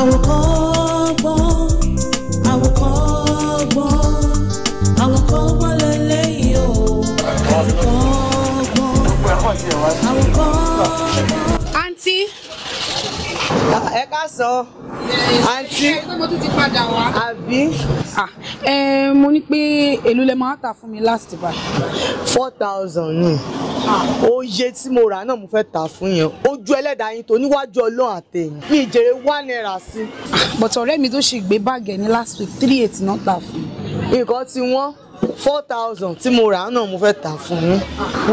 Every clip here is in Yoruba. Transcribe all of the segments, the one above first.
àwòkọ́gbọ́n àwòkọ́gbọ́n àwòkọ́gbọ́n lélẹ́yìí o àwòkọ́gbọ́n àwòkọ́gbọ́n. àǹtí. ẹ ká sọ àǹtí àbí. Ah, eh, mo ní pé èlò lè máa tà fún mi last bar. four thousand oyè tí mo rà náà mo fẹ́ tà fún yẹn ojú ẹlẹ́dàá tó níwájú ọlọ́run àtẹ̀yìn mi ìjèrè one naira sí. but ọ̀rẹ́ mi tó ṣì gbé báàgì ẹ̀ ní last week three eight náà tà fún. nǹkan tí wọ́n four thousand tí mo rà náà mo fẹ́ tà fún yín.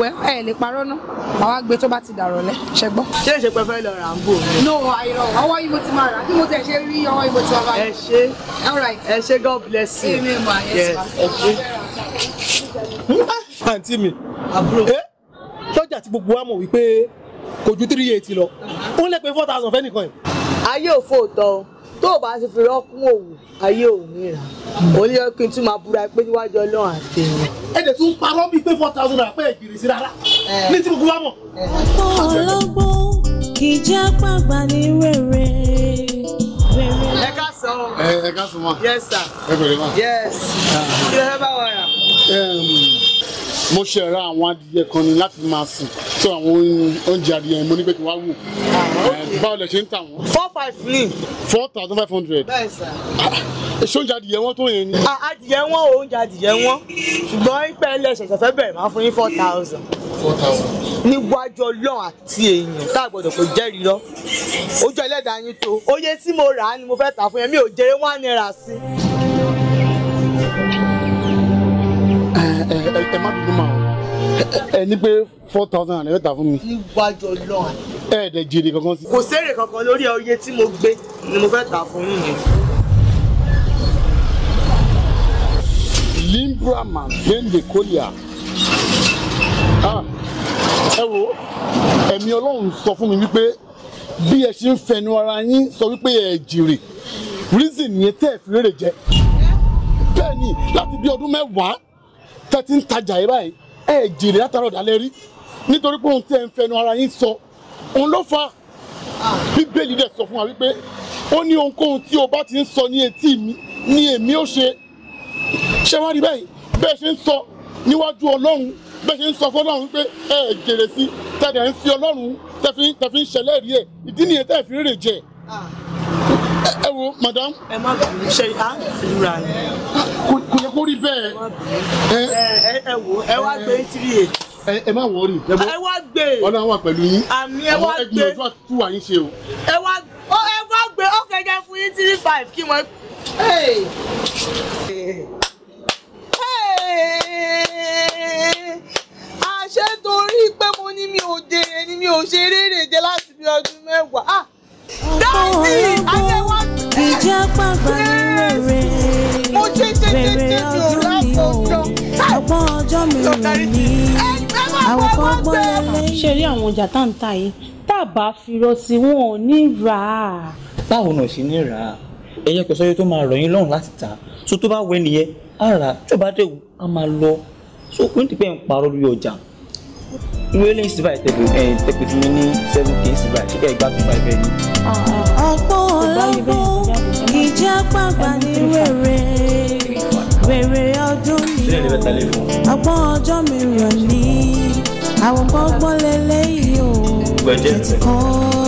wẹ́ ẹ lè parọ́ náà àwa gbé tó bá ti dàrọ̀ lẹ ṣe gbọ́. ṣé ìṣe pẹ́ fẹ́ lọ rà ń bò mí. no àìrọ̀ ọwọ́ yìí mo ti máa rà bí mo tẹ̀ ṣe rí ọwọ́ yìí mo ti máa rà. ẹ right. ẹ ṣé god bless you. ẹ ṣé. àǹtí mi. àbúrò. Eh? lọ́dà tí gbogbo wa mọ̀ wípé kò ju three eighty lọ wọ́n lè pe four thousand fẹ́ nìkan yẹn. ayé ò fòótọ́ tó o bá ti fi rọ́kún òwò ayé ò ní ra òun yẹ tún máa búra pé níwájú ọlọ́run àti èèyàn. ẹ dẹ̀ tún parọ́ bíi pé four thousand àpẹ́ ìgbìrì sí rárá ní tí gbogbo wa mọ̀. ọlọ́gbọ́n kì í jẹ́ pàgbà ní rere. ẹ ká sọ ẹ ká sọ mọ. yes sir. ẹ pẹ̀lú mọ. yes. Ah. kí ló fẹ́ bá wa rà mo ṣe àwọn adìyẹ kan ni láti máa sìn so àwọn oúnjẹ adìyẹ mo ní pé kí wò báwo lẹ ṣe ń tà wọ́n. four five ni. four thousand five hundred. bẹ́ẹ̀ sà. èso ah, oúnjẹ adìyẹ wọn tó yẹn ni. Ah, adìyẹ wọn o oúnjẹ adìyẹ wọn ṣùgbọ́n ìpẹ́ ilé ṣẹ̀ṣẹ̀ fẹ́ bẹ̀rẹ̀ máa fún yín four thousand. four thousand. níwájú ọlọ́run àti èèyàn tá a gbọ́dọ̀ kò jẹ́rìí lọ ojú ẹlẹ́dàá yín tó oye tí mo rà á ni mo fẹ́ tà fún yẹn mi ò jèrè one naira sí i. ẹ ní pé four thousand naira ta fún mi. níwájú Ọlọ́run. ẹ ẹ̀dẹ̀ jèrè kankan sí. kò sẹ́rè kankan lórí oye tí mo gbé ni mo fẹ́ tà fún yín. Limbra man gbẹ̀ǹdẹ̀ kọ́líà ah, ẹ wo ẹ̀mí Ọlọ́run sọ fún mi wípé bí ẹ ṣe ń fẹnu ara yín sọ wípé ẹ jèrè reason yẹn tẹ́ ẹ fi rere jẹ bẹ́ẹ̀ ni láti bí ọdún mẹ́wàá tẹ́ ti ń tajà yìí báyìí ẹ jèrè látara ọ̀dàlẹ̀ rí nítorí pé ohun tí ẹ ń fẹnu ara yín sọ òun ló fa bíbélì dẹ̀ sọ fún wa wípé ó ní ohunkóhun tí o bá ti ń sọ ní etí mi ni èmi ó ṣe ṣé wá rí báyìí bẹ́ẹ̀ ṣe ń sọ níwájú ọlọ́run bẹ́ẹ̀ ṣe ń sọ fọlọ́run wípé ẹ jèrè sí tẹ̀dẹ̀ ń fi ọlọ́run tẹ̀fi ń ṣẹlẹ̀ rí ẹ̀ ìdí nìyẹn tẹ̀ fi rèrè jẹ ah. ẹ wo madam. ẹ má bẹ̀rù ṣe à ń fi bẹ́ẹ̀. ẹ ẹ wo ẹ wá gbé three eight ẹ má wọrí ẹ wá gbé ọlọ́run wà pẹ̀lú yín àmì ẹ wá gbé ẹ gbìyànjú àtúntò wà yín ṣe o. ẹ wá ẹ wá gbé ó kẹjẹ fún yín three five kí wọn. àṣẹ torí pé mo ní mi ò dèrè ni mi ò ṣe eré rèé jẹ láti bí ọdún. tó darí jì ẹgbẹ́ máa fọwọ́ gbé. ṣé rí àwọn ọjà tá à ń ta yìí tá a bá fi rọ sí wọn ò ní rà á. báwo náà ṣe ní rà á ẹyẹ kò sọyẹ tó máa rọ̀ yín lọ́rùn láti tà so tó bá wẹ nìyẹn á rà tó bá dẹ̀wù á máa lọ so kò ní ti pẹ́ ń parọ́ lórí ọjà irú eléyìí sì báyìí tẹ̀pẹ̀ ẹ̀ tẹ̀pẹ̀ tí mi ní seven days báyìí ṣé kẹ́ ẹ gbá tó báyìí bẹ́ẹ̀ ni. ọ̀pọ̀ ọlọ́pọ̀ ìjàpá gbaníwèrè wèrè ọdún fẹ́ talé fún. ọgbọ́n ọjọ́ mi rọ̀ ní àwọn gbọ́gbọ́n lélẹ́yìí o. gbẹ̀jẹ̀ kan.